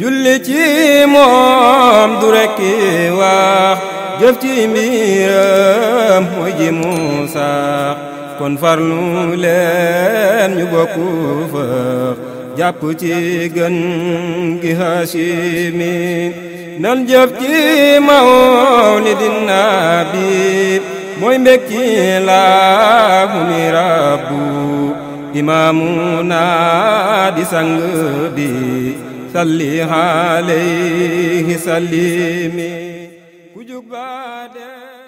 julli ci moom du rekki wax jëf ci mbiram mooy ji mu sax kon farlu leen ñu bokku fa jàpp ci gën gi Haashimi nan jëf ci mawlidin nabi mooy mbég ci laahu ni rabbu imaamu naa di sang bi salli alayhi salimi ku jug